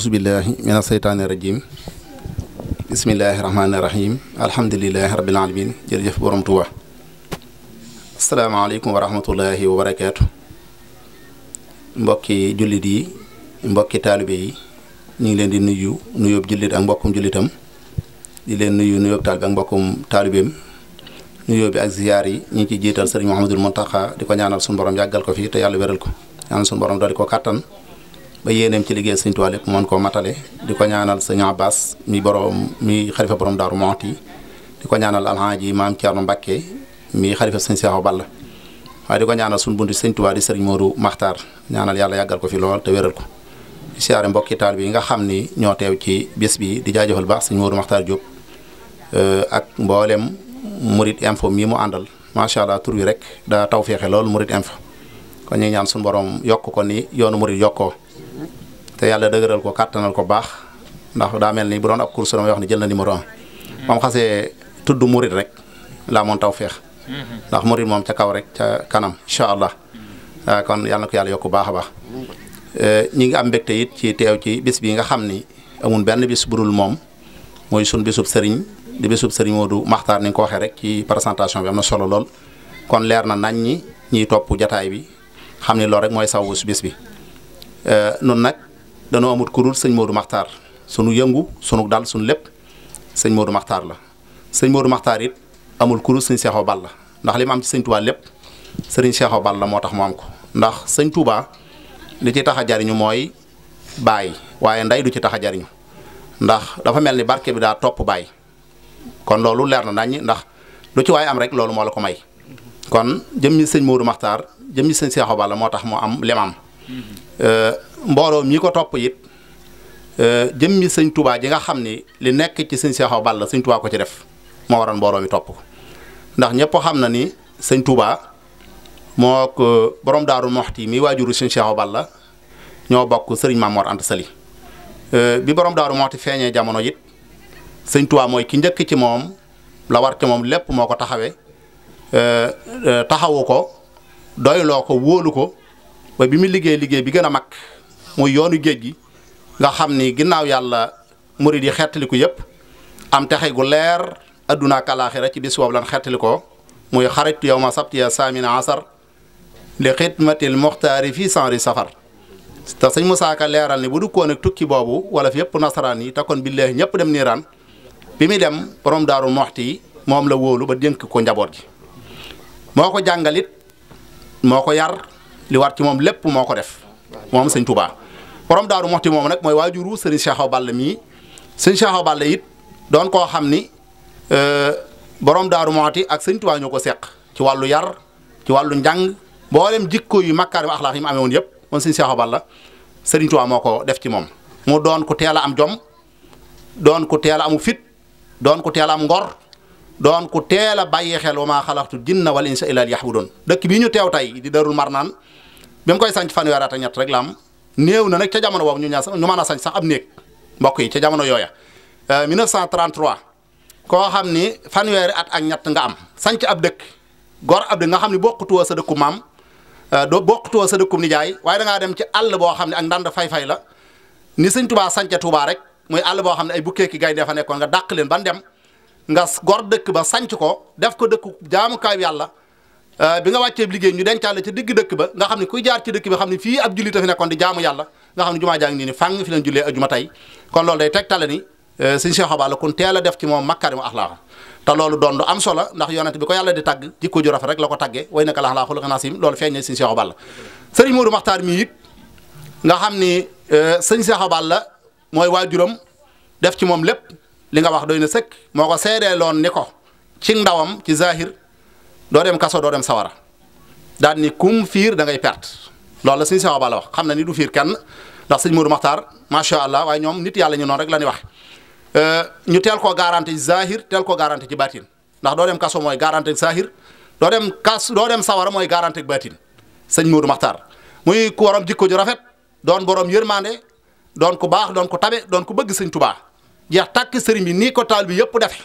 ahousubillahi mina seytaani rajim bismillahi rahmaani rahim alhamdulilahi rabil alamin jërëjëf borom Tuuba asalaamaaleykum wa rahmatullahi wa barakaatu mbokki jullit yi mbokki taalibe yi ñu ngi leen di nuyu nuyób jullit ak mbokkum jullitam di leen nuyu nuyób taalibe ak mbokkum taalibeem nuyóo bi ak ziyaar yi ñu ngi ci jiital sëriñ Mouhamadul Mountakha di ko ñaanal suñu borom yàggal ko fii te yàlla wéral ko ñaanal suñu borom dooli ko kàttan ba yéeneem ci liggéey sëñ Tuubaa lépp mën koo matale di ko ñaanal sëñ Abbas mi borom mi xalifa borom daru Muxti di ko ñaanal alhaji maam tiarno Mbakke mi xalifa sëñ Seexu Balla wa di ko ñaanal sun buntu sëñ Tuubaa di sëriñ Modou makhtar ñaanal yalla yagal ko fi lool te wéral ko di siyaare mbokki tal bi nga xamni ni ñoo ci bes bi di jaajeufal baax Modou Diop eh, ak mbollem Murid Info mi mu ma sha allah turu wi rek da taw feexe lool Murid Info ko ñi ñaan sun borom yok ko ni yoonu Murid yokko te yàlla dëgëral ko kàttanal ko baax ndax daa mel ni bu doon ab course damay wax ni jël na numéro un hmm. ba xasee tudd murit rek laa moon taw feex hmm. ndax murit moom ca kaw rek ca kanam incha allah hmm. ah, kon yàlla na yàlla yokk baax a baax eh, ñi ngi am mbégte ci teew ci bis bi nga xam ni amul benn bis bu moom mooy sun bisub sëriñ di bisub sëriñ Modou Makhtar ni ko waxee rek ci présentation bi na solo lool kon leer na nañ ñi ñiy topp jataay bi xam ni loolu rek mooy sawu bis bi eh, nun nag danoo amut kurul sëñ Modou Maxtaar sunu yëngu sunu dal sunu lépp sëñ Modou Maxtaar la sëñ Modou Maxtaar it amul kurul sëñ Seexu Balla ndax li mu am ci sëñ Touba lépp sëriñ moo tax mu ndax sëñ Touba li ci tax a jariñu mooy baay waaye ndey du ci tax a jariñu ndax dafa mel ni barke bi daa topp baay kon loolu leer na nañ ndax lu ci waaye am rek loolu moo la ko may kon jëm sëñ Modou Maxtaar jëm sëñ Seexu Balla moo tax mu am lemam mm-hmm. euh, mbooloo mi ko topp it e, jëmmi sëñ tubaa ji nga xam ni li nekk ci sëñ Cheikh Awa Balla sëñ Touba ko ci def moo waral mbooloo topp ko ndax ñëpp xam na ni sëñ Touba moo ko borom Daaru Moxti mi waajuru sëñ Cheikh Balla ñoo bokk sëriñ Maam Mor Anta Sali e, bi borom Daaru Moxti feeñee jamono it sëñ tubaa mooy ki njëkk ci moom la war moom lépp moo ko taxawee e, taxawu ko doyloo ko wóolu ko ba bi mu liggéey liggéey bi gën a mag. moy yoonu géej gi nga xam ni ginnaaw yàlla murid yi xettaliku yépp am texe gu leer aduna ak alaaxira ci bis boobu lan xettali ko muy xarajtu yow ma sabti ya samina asar li xidmatil muxtaari fi sanri safar te sëñ Moussa Ka leeral ni bu duggoon ak tukki boobu wala fi yëpp nasaraan yi te kon billaahi ñëpp dem ni niiraan bi mi dem borom daaru moxti yi moom la wóolu ba dénk ko njaboot gi moo ko jàngalit moo ko yar li war ci moom lépp moo ko def moom sëñ Touba borom daaru moxti mom nak moy wajuru serigne Cheikh Awa Balla serigne Cheikh Awa yit it ko xamni euh borom daaru moxti ak serigne Tuubaa ñoko sekk ci walu yar ci walu njang bolem jikko yu makkaarim axlaaq yi mu amee woon mon moom Cheikh Awa Balla sëriñ Tuubaa ko def ci mom mu don ko am jom don ko teel am fit don ko am ngor don ko teel baye xel wa ma khalaqtu jinna wal insa illa liya'budun dekk bi ñu teew tay di darul marnan, bi mu koy sànc fan at ñatt rek la néew na nag ca jamono boobu ñu ñaan sax ñu mën a sañ sax ab néeg mbokk yi ca jamono yooya 1933 euh, koo xam ni fanweeri at ak ñett nga am sañc ab dëkk gor ab dëkk nga xam ni bokkutuwoo sa dëkku maam euh, doo bokkutuwoo sa dëkkum nijaay waaye da dem ci àll boo xam ne ak ndand fay-fay la ni sëñ tubaa sañca tubaa rek muy àll boo xam ne ay bukkee ki gaynde fa nekkoon nga dàq leen ban dem nga gor dëkk ba sañc ko def ko dëkku jaamukaay yàlla Euh, bi nga wàccee liggéey ñu la ca digg dëkk ba nga xam ne kuy jaar ci dëkk bi xam ne fii ab jullit a fi nekkoon di jaamu yàlla nga xam ne jumaa jaa ngi nii ni fàng fi leen jullee ajuma tey kon loolu day tegtale ni euh, sëñ Cheikh Abala kun teel a def ci moom makkaarimu axlaaqa te loolu doon am solo ndax yonent bi ko yàlla di tàgg jikko ju rafet rek la ko tàggee way naka laa xuluqin aziim loolu feeñ ne sëñ Cheikh Abala sëriñ Modou Maxtaar mii it nga xam ni euh, sëñ Cheikh Abala mooy waajuram def ci moom lépp li nga wax doy na sëkk moo ko seedee loon ni ko ci ndawam ci zahir doo dem kaso doo sawara daal ni kum fiir da ngay perte loolu la suñu sawaaba la wax xam na ni du fiir kenn ndax sëñ Modou Maxtaar macha allah waaye ñoom nit yàlla ñu noon rek la ñuy wax euh, ñu teel koo garanti ci zahir teel ko garante ci baatin ndax doo dem kaso mooy garanti zahir doo dem kas doo sawara mooy garanti baatin sëñ Modou Maxtaar muy ku waroom jikko ju rafet doon yër yërmande doon ku baax doon ku tabe doon ku bëgg sëñ Touba jeex tàkk sëriñ bi nii ko taal bi yëpp defe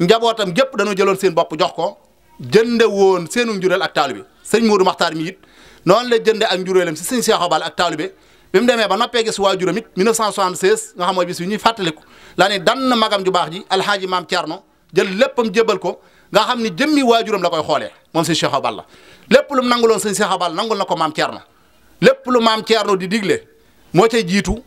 njabootam gépp dañoo jëloon seen bopp jox ko jënde woon seenu njureel ak taalibe sëñ Modou Maxtaar mi it noonu la jënde ak njureelam si sëñ Cheikh Obal ak taalibe bi mu demee ba noppee gis waajuram it 1976 nga xam mooy bis bi ñuy fàttaliku laa ne dan na magam ju baax ji alxaaji maam Thierno jël léppam jébal ko nga xam ni jëmmi waajuram la koy xoolee moom sëñ Cheikh Obal la lépp lu mu nanguloon sëñ Cheikh Obal nangul na ko maam Thierno lépp lu maam Thierno di digle moo cay jiitu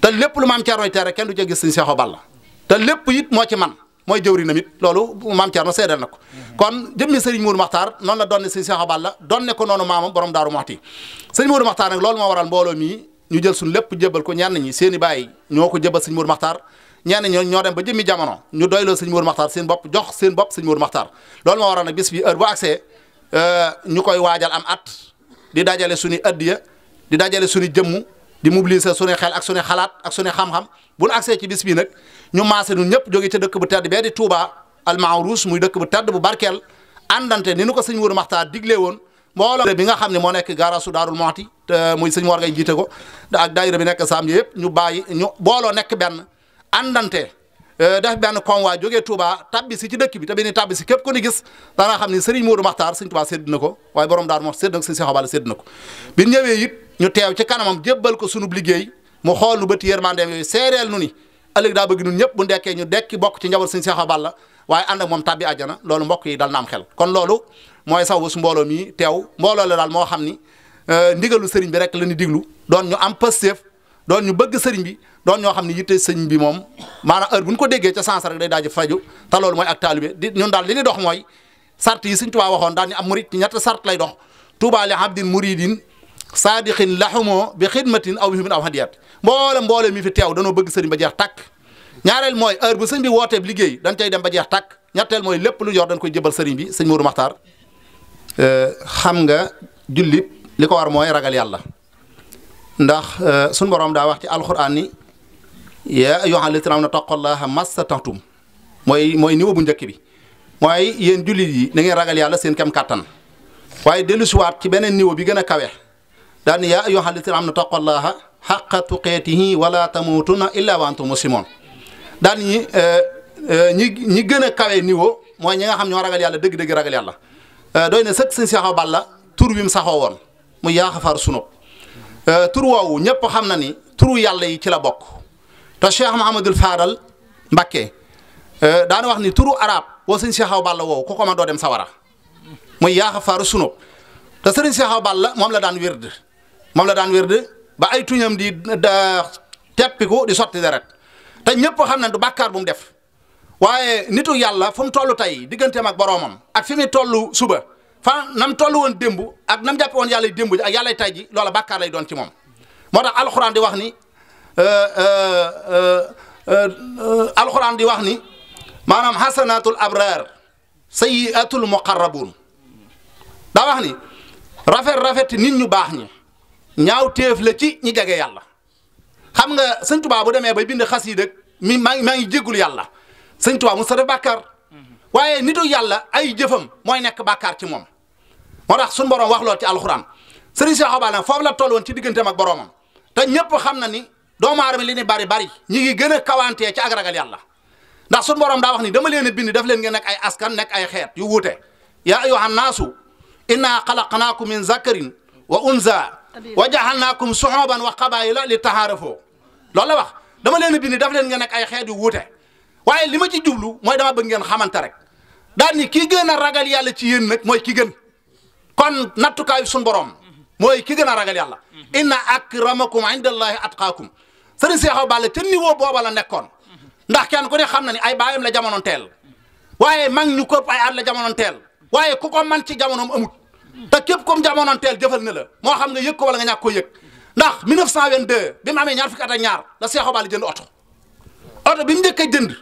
te lépp lu maam Thierno tere kenn du ca gis sëñ Cheikh Obal la te lépp it moo ci man mooy jëwriñam it loolu maam Thierno seedal na ko kon jëmmi Serigne Mourou maxtaar noonu la doon Serigne Cheikh Abdalla doon ne ko noonu maamam borom Daaru Muxti Serigne Mourou Makhtar nag loolu moo waral mbooloo mii ñu jël suñu lépp jébal ko ñenn ñi seen i bàyyi ñoo ko jébal Serigne Mourou Makhtar ñenn ñoo ñoo dem ba jëmmi jamono ñu doyloo Serigne Mourou Makhtar seen bopp jox seen bopp Serigne Mourou Makhtar loolu moo waral nag bis bi heure bu accès euh, ñu koy waajal am at di dajale suñu addiya di dajale suñu jëmm di mobiliser suñu xel ak suñu xalaat ak suñu xam-xam bu ñu accès ci bis bi nag ñu maase ñun ñëpp jóge ca dëkk bu tedd bee di Touba almaarus muy dëkk bu tedd bu barkeel àndante ni nu ko sëñ Wuru Maxtaar diglee woon mbooloo bi nga xam ne moo nekk garasu Daarul Moxti te muy sëñ Mor ngay jiite ko ak daayira bi nekk Saam yëpp ñu bàyyi ñu booloo nekk benn àndante e, def benn convoi joge Touba tabbi si ci dëkk bi te bi ni tabbi si képp ko ni gis dana xam ni Serigne Modou Makhtar Serigne Touba sédd na ko waaye borom daar moo sédd na ko Serigne Cheikh Obal sédd na ko bi ñëwee it ñu teew ci kanamam jébbal ko sunub liggéey mu xool nu bëti yërmandeem yooyu seereel nu ni ëllëg daa bëgg ñun ñëpp bu ndekkee ñu dekki bokk ci njaboot suñu Seex Awa Balla waaye ànd ak moom tàbbi àjjana loolu mbokk yi dal na am xel kon loolu mooy sababu su teew mbooloo la daal moo xam ni euh, ndigalu sëriñ bi rek la ñu diglu doon ñu am pësteef doon ñu bëgg sëriñ bi doon ñoo xam ne yitte sëriñ bi moom maanaam heure bu ñu ko déggee ca sens rek day daaju faju te loolu mooy ak taalibe di ñun daal li ñu dox mooy sart yi Sëriñ Tuubaa waxoon daal ñu am murit ñett saadixin laxumoo bi xidmatin aw bi aw hadiyat mboole mboole mi fi teew danoo bëgg sëriñ ba jeex tàkk ñaareel mooy heure bu sëñ bi wooteeb liggéey dañ cay dem ba jeex tàkk ñetteel mooy lépp lu yor dañ koy jëbal sëriñ bi sëñ Mourou Maxtaar xam nga jullit li ko war mooy ragal yàlla ndax suñ borom daa wax ci alxuraan ni yaa ayyuhal lazina aamanu taqullaha mastata'tum mooy mooy niveau bu njëkk bi mooy yéen jullit yi na ngeen ragal yàlla seen kem kàttan waaye dellusiwaat ci beneen niveau bi gën a kawe لأن يا أيها الذين آمنوا اتقوا الله حق تقاته ولا تموتن إلا وأنتم مسلمون لأن آه، آه، ني غنا كاوي نيو موي نيغا خامني وراغال يالا دغ دغ راغال يالا آه، دوي ني سك سي خاو بالا تور بيم ساخو وون مو يا خفار سنو تور واو نيب خامنا ني تور يالا يي كي لا بوك تا شيخ محمد الفارل مباكي دانا واخني تور عرب و سن شيخ بالا وو كوكو ما دو ديم سوارا مو يا خفار سنو تا سن شيخ بالا موم لا دان ويرد moom la daan de ba ay tuñam di teppiku di sotti deret te ñëpp xam na du bàkkaar bu mu def waaye nitu yàlla fu mu toll tey digganteem ak boroomam ak fi muy toll suba fa nam toll woon démb ak nam jàppe woon yàlla démb ji ak yàlla tay ji loola bàkkaar lay doon ci moom moo tax alxuraan di wax ni euh, euh, euh, alxuraan di wax ni maanaam xasanatul abraar sayiatul muqarrabuun daa wax ni rafet rafet nit ñu baax ñi ñaaw téef la ci ñi jege yàlla xam nga sëñ Tuubaa bu demee bay bind xasiida mi maa ngi maa ngi jéggul yàlla sëñ Tuubaa mu sa def bàkkaar waaye nitu yàlla ay jëfam mooy nekk bàkkaar ci moom moo tax suñu borom wax lool ci alxuraan sëriñ Cheikh Awa Balla foofu la toll woon ci digganteem ak boromam te ñëpp xam na ni doomu aadama li ni bari bari ñi ngi gën a kawantee ci ak ragal yàlla ndax suñu borom daa wax ni dama leen a bind def leen ngeen nekk ay askan nekk ay xeet yu wuute yaa ayyuhan naasu inna xalaqnaakum min zakarin wa unsa وجعلناكم صحبا وقبائل لتعارفوا لولا واخ دما لين بيني داف لين نك اي خيدو ووتو واي ليما تي جوبلو موي دما بغ نين خامنت رك داني كي غينا راغال يالا تي يين نك موي كي غن كون ناتوكاي سون بوروم موي كي غينا ان اكرمكم عند الله اتقاكم سيرن شيخو بالا تي نيو بوبا لا نيكون ndax kan ko ne xamna ni ay bayam la jamono tel waye mag ni ko ay at la te képp comme jamonoon teel jëfal na la moo xam nga yëg ko wala nga ñàkk koo yëg ndax 1922 bi mu amee ñaar fukki at ak ñaar la Cheikh Obali jënd oto oto bi mu jënd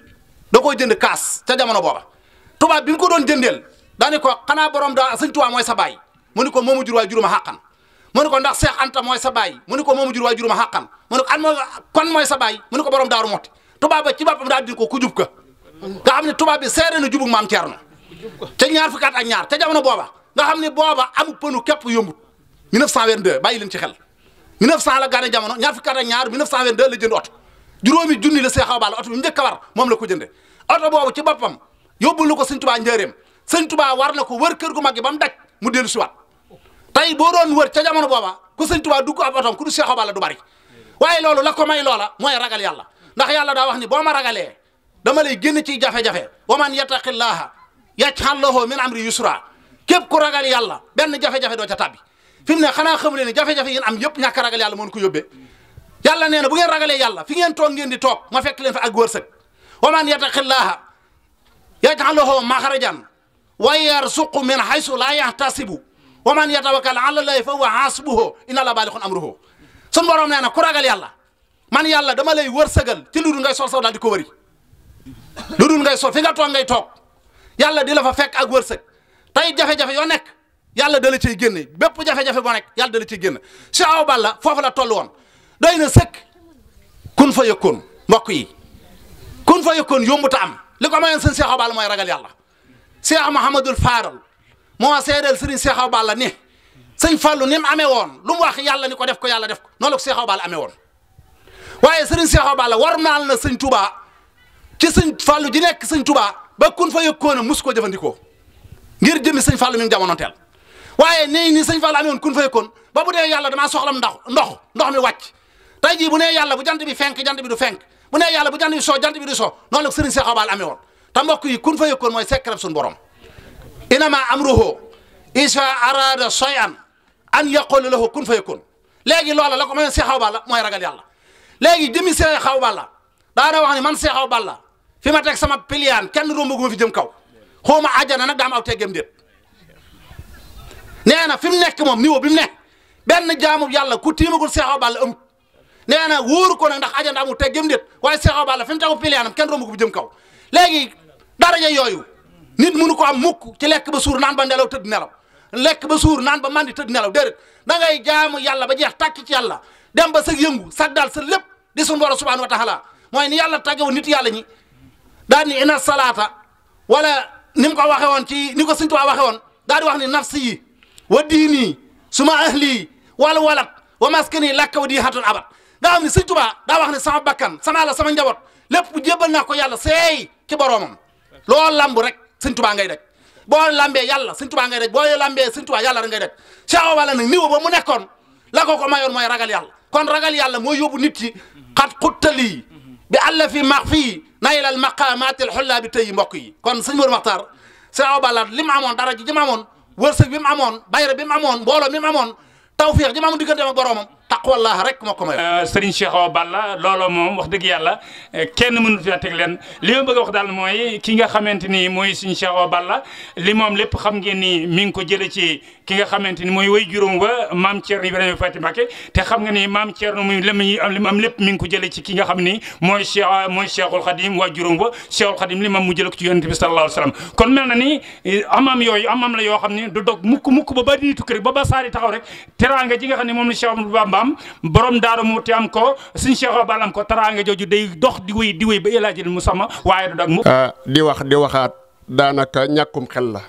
da koo jënd kaas ca jamono booba tubaab bi mu ko doon jëndeel daani ko xanaa borom daa sëñ Tuubaa mooy sa baay mu ni ko moomu jur waay juruma xàqan mu ni ko ndax Cheikh Anta mooy sa baay mu ni ko moomu jur waay juruma xàqan mu ni ko an mooy sa baay mu ko borom daaru motti tubaab ba ci boppam daal di ko ku jub ka nga xam ne tubaab bi seere na jubug maam Thierno ca ñaar fukki ak ñaar ca jamono booba nga xam ne booba am pënu képp yombut 1922 bàyyi leen ci xel 1900 la gane jamono ñaar fukki at ak ñaar 1922 la jënd oto juróomi junni la see xaw baal oto bi njëkk a moom la ko jënde oto boobu ci boppam yóbbul na ko sëñ tubaa njëreem sëñ tubaa war na ko wër kër gu mag gi ba mu daj mu dellu siwaat tey boo doon wër ca jamono booba ku sëñ tubaa dugg ab otoom ku du see xaw baal du bari waaye loolu la ko may loola mooy ragal yàlla ndax yàlla daa wax ni boo ma ragalee dama lay génn ci jafe-jafe wa man yattaqillaha yaj'al lahu min amri yusra képp ku ragal yàlla benn jafe-jafe doo ca tàbbi fi mu ne xanaa xamu leen ne jafe-jafe yéen am yëpp ñàkk ragal yàlla moon ko yóbbee yàlla nee na bu ngeen ragalee yàlla fi ngeen toog ngeen di toog ma fekk leen fa ak wërsëg wa man yattaqillaaha yaj'al lahu maxrajan wa yarsuqu min haysu laa yahtasibu wa man yatawakkal ala llaahi fa huwa hasbuhu inna llaaha baalighun amrihi sun borom nee na ku ragal yàlla man yàlla dama lay wërsëgal ci lu dul ngay sol saw daal di ko wëri lu dul ngay sol fi nga toog ngay toog yàlla di la fa fekk ak wërsëg tay jafe-jafe yo nek yàlla dala ci genne bép bépp jafe-jafe bo nek yàlla dala ci génne Cheikh Awa Balla fofu la tollu won doyna sëkk kun fa yëkkoon mbok yi kun fa yombu ta am liko ko sen Cheikh Awa Balla mooy ragal yàlla Cheikh Mouhamadul Faaral moo sédel Serigne Cheikh Awa Balla ni sëñ fallu nim amé won woon lu mu wax yàlla ni ko def ko yàlla def ko noonu Cheikh Awa Balla amee woon waaye Serigne Cheikh Awa Balla war na serigne Touba ci serigne fallu di nek serigne Touba ba kun fa yëkkoon musko mus ngir jëmi seigne Fallou mi ngi jamono tel waye ne ni seigne Fallou amee woon kun faykoon ba bu dee yàlla dama soxlam ndox ndox ndox mi wàcc tey jii bu ne yàlla bu jant bi fenk jant bi du fenk bu ne yàlla bu jant bi so jant bi du so non la seigne Cheikh Abal amee woon te mbokk yi kun faykoon moy secret sun borom inama amruhu isa arada shay'an an yaqul lahu kun fayakun legi lola la ko may Cheikh Abal moy ragal yàlla legi demi Cheikh Abal da na wax ni man Cheikh Abal fi ma teg sama pilian kenn rombu guma fi dem kaw xooma ajana nag daa am aw teggem déet nee na fi mu nekk moom niveau bi mu ne benn jaamu yàlla ku tiimagul seexaw bàll am nee na wóoru ko nag ndax àjjana amul teggem déet waaye seexaw bàll fi mu tegu piliyaanam kenn romb ko bu jëm kaw léegi daraja yooyu nit mënu ko am mukk ci lekk ba suur naan ba nelaw tëdd nelaw lekk ba suur naan ba mandi tëdd nelaw déedéet da ngay jaamu yàlla ba jeex tàkk ci yàlla dem ba sa yëngu sag daal sa lépp di suñu borom subhanahu wa taala mooy ni yàlla tàggewu nit yàlla ñi نمكو واخي وون تي نيكو سنتو واخي وون دا دي واخني نفسي وديني سما اهلي ولا ولق ومسكني لك ودي حتن ابا دا واخني سنتو با دا واخني سما بكان سما لا سما نجابوت لب جيبال نكو يالا سي كي بروم لول لامبو رك سنتو با غاي دك بو لامبي يالا سنتو با غاي دك بو لامبي سنتو با يالا غاي دك شاو والا نيو با مو نيكون لا كوكو مايور موي راغال يالا كون راغال يالا موي يوبو نيتي قد قتلي بالله مخفي نايل المقامات الحلة بتي مكوي كون سنجم المختار سعوا بالار لم عمون دارجي جم عمون ورسك بم عمون بايرا بم عمون بولو بم عمون توفيق جم عمون ديكر جم برومم taqwallah rek moo ko may. Euh, sëriñ Cheikh Awa Balla looloo moom wax dëgg yàlla euh, kenn mënut faa teg leen li a wax daal mooy ki nga ni mooy sëriñ Cheikh Awa Balla li moom lépp xam ngeen ni mi ngi ko jëlee ci ki nga xamante ni mooy way juróom wa maam Thierno Ibrahima Faty Mbacké te ni maam Thierno muy lem yi am lépp mi ngi ko jëlee ci ki nga xam ni mooy Cheikh mooy Cheikhul Khadim waa juróom wa Cheikhul Khadim li maam mu jëlee ko ci yonent bi sallallahu alayhi wa sallam kon mel na ni eh, amam yooyu amam la yoo xam ni du dog mukk bam borom mu muti am ko suñ Cheikh Obal am ko taraange jooju day dox di wéy di wéy ba El Hadj Moussama waaye du dag mu. Ah, di wax di waxaat daanaka ñàkkum xel la.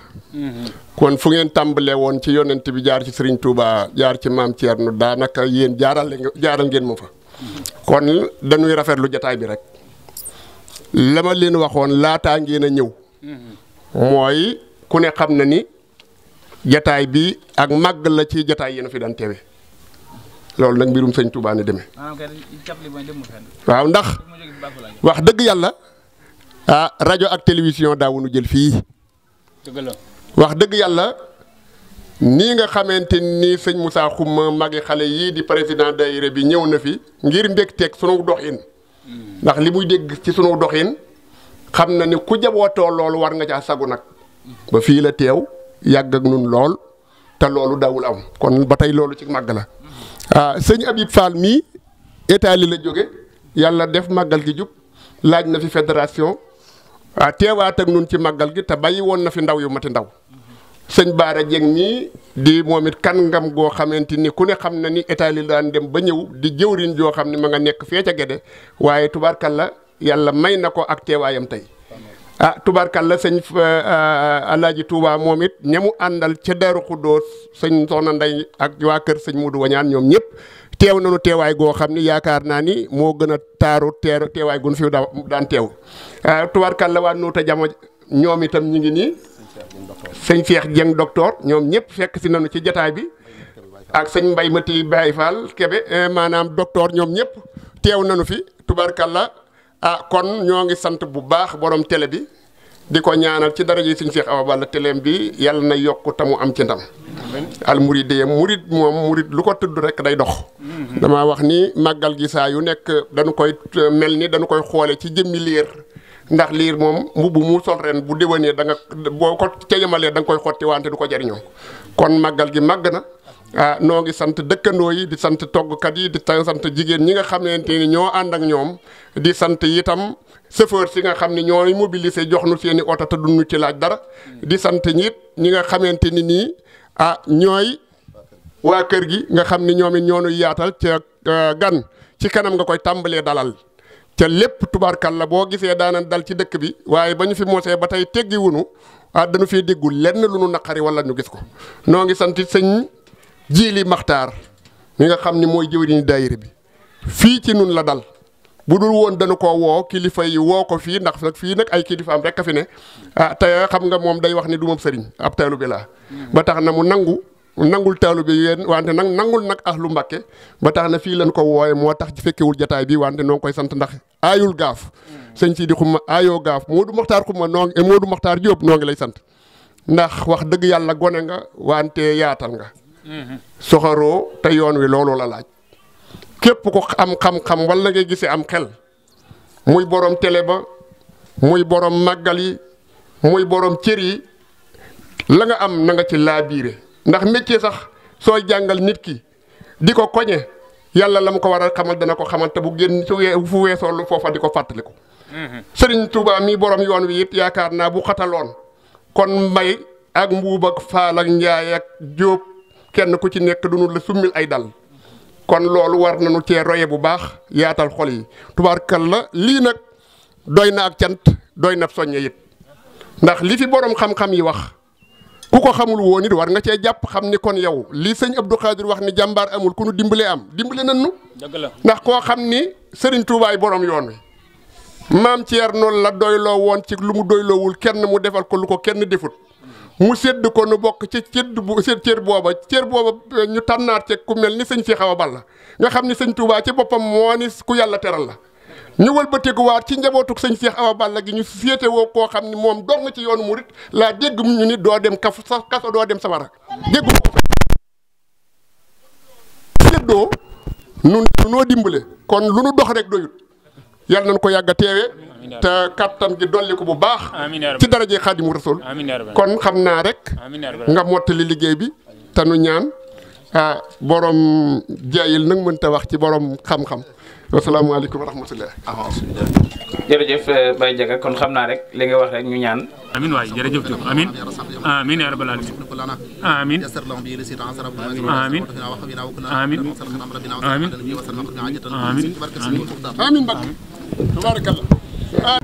kon fu ngeen tàmbalee woon ci yonent bi jaar ci Serigne Touba jaar ci maam Thierno daanaka yéen jaaral jaaral ngeen mu fa. kon dañuy rafetlu jataay bi rek. la leen waxoon laataa ngeen a ñëw. mooy ku ne xam na ni jataay bi ak màgg la ci jataay yéen fi daan tewe loolu nag mbirum sëñ Touba ni demee. waaw ndax wax dëgg yàlla ah rajo ak télévision daawuñu jël fii. wax dëgg yàlla nii nga xamante ni sëñ Moussa Xuma magi xale yii di président daayira bi ñëw na fi ngir mbégteeg sunu doxin. Hmm. ndax li muy dégg ci sunu doxin xam na ni ku jabootoo loolu war nga caa sagu nag. Hmm. ba fii la teew yàgg ak nun lool te loolu daawul am kon ba tey loolu ci màgg la. Ah, sëñ Habib Fall mii état la jóge yàlla def màggal gi jub laaj na fi fédération ah teewaat nun ci màggal gi te bàyyi woon na fi ndaw yu mati ndaw sëñ Baara Dieng mii di moom it kan ngam goo xamante ni ku ne xam na ni état li daan dem ba ñëw di jëwriñ joo xam ni ma nga nekk fee ca Gede waaye tubaarkalla yàlla may na ko ak teewaayam tey. ah tubarkalla sëñ eh, eh, Alaaji Touba moom it ñamu àndal ca Daaru Xuddoos sëñ Soxna Ndey ak waa kër sëñ Mudu Wañaan ñoom ñëpp teew nañu teewaay goo xam ni yaakaar naa ni moo gën a taaru teer teewaay gun fi daan teew eh, tubarkalla waa Nuuta Jamo ñoom itam ñu ngi nii sëñ Cheikh Dieng docteur ñoom ñëpp fekk si nañu ci jataay bi ak sëñ Mbay ma ti Baye Fall Kebe maanaam docteur ñoom ñëpp teew nañu fi tubarkalla ah kon ñoo ngi sant bu baax borom télé bi di ko ñaanal ci dara ji suñu Cheikh Awa Balla téléem bi yàlla na yokk te mu am ci ndam. al muridee murid moom murid lu ko tudd rek day dox. Mm-hmm. dama wax ni màggal gi saa yu nekk dañu koy euh, mel ni dañu koy xoole ci jëmmi liir ndax liir moom mbubb mu sol ren bu déwénee da nga boo ko ca danga da nga koy xotti wante du ko jariñoo kon màggal gi màgg na. ah noongi sant dëkkandoo yi di sant toggkat yi di sant jigéen ñi nga xamante ni ñoo ànd ak ñoom di sant itam chauffeur si nga xam ne ñooy mobiliser jox nu seen oto te ci laaj dara di sant ñit ñi nga xamante ni nii ah ñooy waa kër gi nga xam ne ñoom it ñoo yaatal ca ah, gan ci kanam nga koy tàmbalee dalal ca lépp la boo gisee daana dal ci dëkk bi waaye ba ñu fi moosee ba tey teggi wunu ah dañu fi déggul lenn lu nu naqari wala ñu gis ko noongi sant jiili maxtaar mi nga xam ni mooy jëwriñu daayira bi fii ci nun la dal bu dul woon dana ko woo kilifa yi woo ko fii ndax nag fii nag ay kilifa am rek a fi ne ah te xam nga moom day wax ni du moom sëriñ ab taalu bi laa ba tax na mu nangu nangul taalu bi yéen wante nag nangul nag ahlu mbàkke ba tax na fii lañ ko wooye moo tax fekkewul jataay bi wante noo koy sant ndax aayul gaaf sëñ si di ma aayoo gaaf Moodu Maxtaar xumma noo ngi Moodu Maxtaar Jóob noo ngi lay sant ndax wax dëgg yàlla gone nga wante yaatal nga soxaroo te yoon wi loolu la laaj képp ko am xam-xam wala nga gisee am xel muy boroom tele ba muy boroom màggal yi muy boroom cër yi la nga am na nga ci laabiire ndax métier sax sooy jàngal nit ki di ko koñe yàlla la mu ko waral a xamal dana ko xamal te bu génn su wee fu weesoo lu foofa di ko fàttaliku. Mhm. Sëriñ Tuubaa mii borom yoon wi it yaakaar naa bu xataloon kon mbay ak mbuub ak faal jóob kenn ku ci nekk duñu la summil ay dal kon loolu war nañu cee roye bu baax yaatal xol yi tubaar tubaarkal la lii nag doy na ak cant doy na soññe it ndax li fi boroom xam-xam yi wax ku ko xamul woon it war nga cee jàpp xam ni kon yow li sëñ Abdou Khadir wax ni jàmbaar amul ku nu dimbalee am dimbale nan nu ndax koo xam ni sëriñ tuubaay boroom yoon wi maam Thierno la doyloo woon ci lu mu doyloowul kenn mu defal ko lu ko kenn defut mu sedd ko nu bokk ci cëdd bu cër booba cër booba ñu tànnaat ci ku mel ni sëñ Cheikh Awa Balla nga xam ni sëñ Touba ci boppam moo ni ku yàlla teral la ñu wëlbatikuwaat ci njabootug sëñ Cheikh Awa Balla gi ñu féete koo xam ni moom dong ci yoon mu murit laa dégg ñu ni doo dem kaf sa kaso doo dem sawara déggu séddoo nu noo dimbale kon lu nu dox rek doyut yàlla nañ ko yàgg a te kattan gi dolli ko bu baax ci daraje khadimu rasul kon xamna rek nga motali liggey bi te nu ñaan ah borom nak mën ta wax ci borom xam-xam wasalaamaaleykum wa rahmatulah. jërëjëf Baye jega kon xamna rek li nga wax rek ñu ñaan. amin waay jërëjëf Diop amin amin ya rabbal alamin amin amin amin amin amin amin All uh, right.